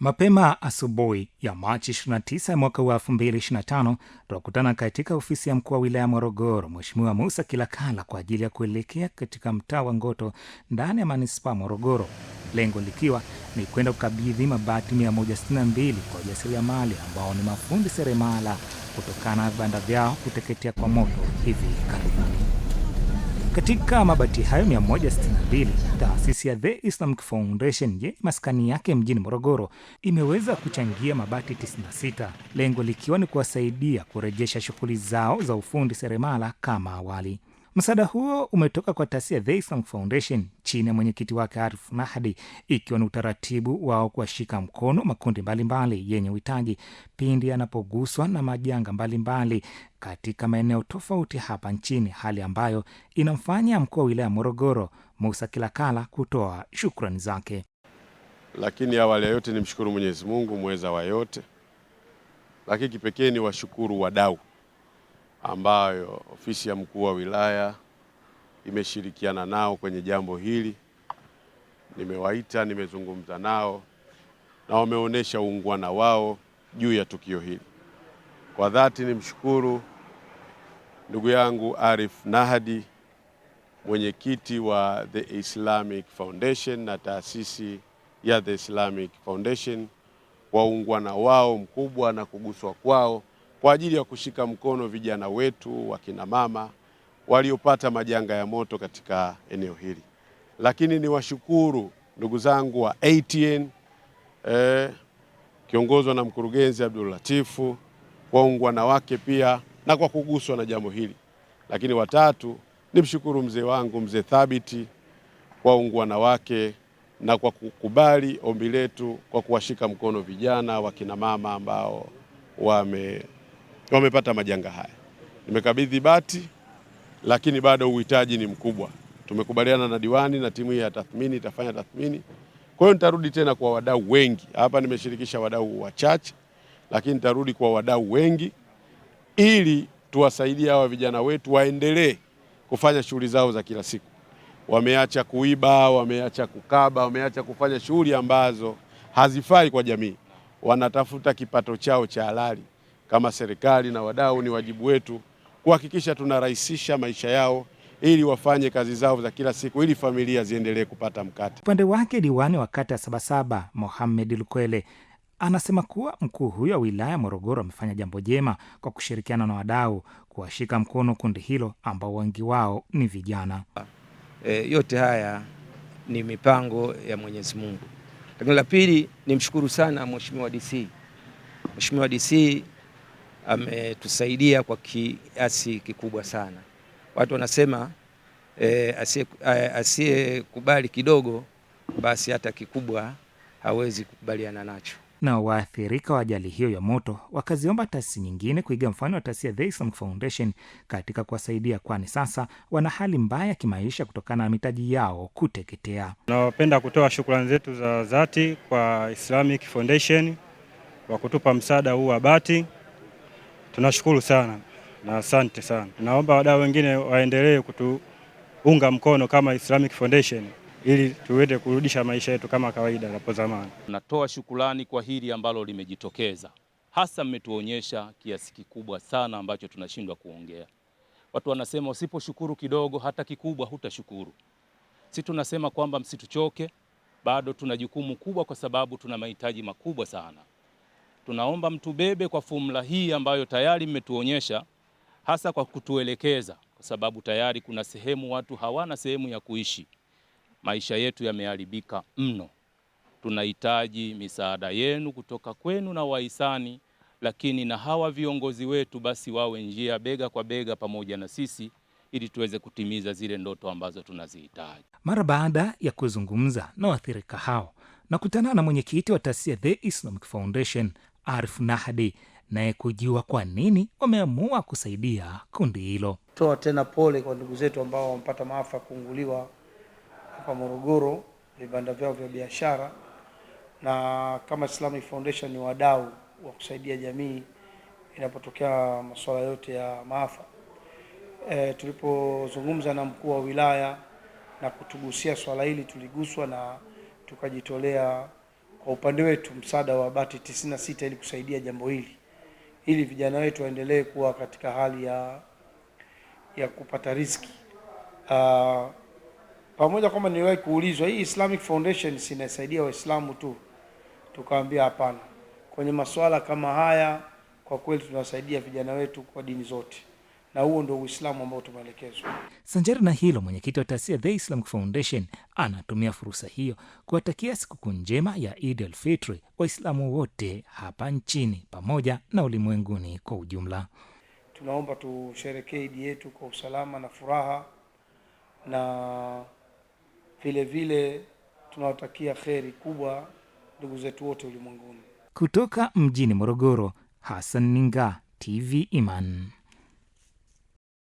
mapema asubuhi ya machi 29 mwaka wa 2025 tunakutana katika ofisi ya mkuu wa wilaya morogoro mweshimiwa musa kilakala kwa ajili ya kuelekea katika mtaa wa ngoto ndani ya manispaa morogoro lengo likiwa ni kwenda kukabidhi mabati 162 kwa wajasiriamali ambao ni mafundi seremala kutokana na vibanda vyao kuteketea kwa moto hivi karibuni katika mabati hayo 162 taasisi ya The Islamic Foundation yenye maskani yake mjini Morogoro imeweza kuchangia mabati 96, lengo likiwa ni kuwasaidia kurejesha shughuli zao za ufundi seremala kama awali. Msaada huo umetoka kwa taasisi ya The Islam Foundation chini ya mwenyekiti wake Arif Mahdi, ikiwa ni utaratibu wao kuwashika mkono makundi mbalimbali mbali yenye uhitaji pindi yanapoguswa na majanga mbalimbali mbali katika maeneo tofauti hapa nchini, hali ambayo inamfanya mkuu wa wilaya Morogoro Musa Kilakala kutoa shukrani zake. Lakini awali ya yote ni mshukuru Mwenyezi Mungu mweza wa yote, lakini kipekee ni washukuru wadau ambayo ofisi ya mkuu wa wilaya imeshirikiana nao kwenye jambo hili. Nimewaita, nimezungumza nao na wameonyesha uungwana wao juu ya tukio hili. Kwa dhati nimshukuru ndugu yangu Arif Nahdi, mwenyekiti wa The Islamic Foundation na taasisi ya The Islamic Foundation, kwa uungwana wao mkubwa na kuguswa kwao kwa ajili ya kushika mkono vijana wetu wakina mama waliopata majanga ya moto katika eneo hili. Lakini niwashukuru ndugu zangu wa ATN eh, kiongozwa na mkurugenzi Abdul Latifu kwa ungwana wake pia na kwa kuguswa na jambo hili. Lakini watatu nimshukuru mzee wangu mzee Thabiti kwa ungwana wake na kwa kukubali ombi letu kwa kuwashika mkono vijana wakinamama ambao wame wamepata majanga haya. Nimekabidhi bati, lakini bado uhitaji ni mkubwa. Tumekubaliana na diwani na timu hii ya tathmini itafanya tathmini. Kwa hiyo nitarudi tena kwa wadau wengi hapa, nimeshirikisha wadau wachache, lakini nitarudi kwa wadau wengi ili tuwasaidie hawa vijana wetu waendelee kufanya shughuli zao za kila siku. Wameacha kuiba, wameacha kukaba, wameacha kufanya shughuli ambazo hazifai kwa jamii, wanatafuta kipato chao cha halali. Kama serikali na wadau, ni wajibu wetu kuhakikisha tunarahisisha maisha yao ili wafanye kazi zao za kila siku ili familia ziendelee kupata mkate. Upande wake diwani wa kata ya Sabasaba Mohamed Lukwele anasema kuwa mkuu huyo wa wilaya Morogoro amefanya jambo jema kwa kushirikiana na wadau kuwashika mkono kundi hilo ambao wengi wao ni vijana. E, yote haya ni mipango ya Mwenyezi Mungu. Lakini la pili, nimshukuru sana Mheshimiwa DC, Mheshimiwa DC ametusaidia kwa kiasi kikubwa sana. Watu wanasema e, eh, asiyekubali eh, kidogo basi hata kikubwa hawezi kukubaliana nacho. Na waathirika wa ajali hiyo ya moto wakaziomba taasisi nyingine kuiga mfano wa taasisi ya The Islamic Foundation katika kuwasaidia, kwani sasa wana hali mbaya kimaisha kutokana na mitaji yao kuteketea. Tunapenda kutoa shukrani zetu za dhati kwa Islamic Foundation kwa kutupa msaada huu wa bati tunashukuru sana na asante sana. Naomba wadau wengine waendelee kutuunga mkono kama Islamic Foundation ili tuweze kurudisha maisha yetu kama kawaida hapo zamani. natoa shukrani kwa hili ambalo limejitokeza, hasa mmetuonyesha kiasi kikubwa sana ambacho tunashindwa kuongea. Watu wanasema usiposhukuru kidogo, hata kikubwa hutashukuru. Si tunasema kwamba msituchoke, bado tuna jukumu kubwa, kwa sababu tuna mahitaji makubwa sana tunaomba mtubebe kwa fumla hii ambayo tayari mmetuonyesha, hasa kwa kutuelekeza, kwa sababu tayari kuna sehemu watu hawana sehemu ya kuishi. Maisha yetu yameharibika mno. Tunahitaji misaada yenu kutoka kwenu na wahisani, lakini na hawa viongozi wetu basi wawe njia bega kwa bega pamoja na sisi ili tuweze kutimiza zile ndoto ambazo tunazihitaji. Mara baada ya kuzungumza na waathirika hao, na kutana na mwenyekiti wa taasisi ya The Islamic Foundation Arif Nahdi naye kujua kwa nini wameamua kusaidia kundi hilo. Toa tena pole kwa ndugu zetu ambao wamepata maafa kuunguliwa hapa Morogoro, vibanda vyao vya biashara, na kama Islamic Foundation ni wadau wa kusaidia jamii inapotokea masuala yote ya maafa. E, tulipozungumza na mkuu wa wilaya na kutugusia swala hili tuliguswa na tukajitolea kwa upande wetu msaada wa bati 96 ili kusaidia jambo hili ili vijana wetu waendelee kuwa katika hali ya ya kupata riski. Uh, pamoja kwamba niliwahi kuulizwa hii Islamic Foundation inasaidia Waislamu tu, tukaambia hapana, kwenye masuala kama haya kwa kweli tunawasaidia vijana wetu kwa dini zote, na huo ndio Uislamu ambao tumeelekezwa. Sanjari na hilo, mwenyekiti wa taasisi ya The Islamic Foundation anatumia fursa hiyo kuwatakia sikukuu njema ya id alfitri Waislamu wote hapa nchini pamoja na ulimwenguni kwa ujumla. Tunaomba tusherekee Idi yetu kwa usalama na furaha, na vile vile tunawatakia kheri kubwa ndugu zetu wote ulimwenguni. Kutoka mjini Morogoro, Hassan Ninga, TV Iman.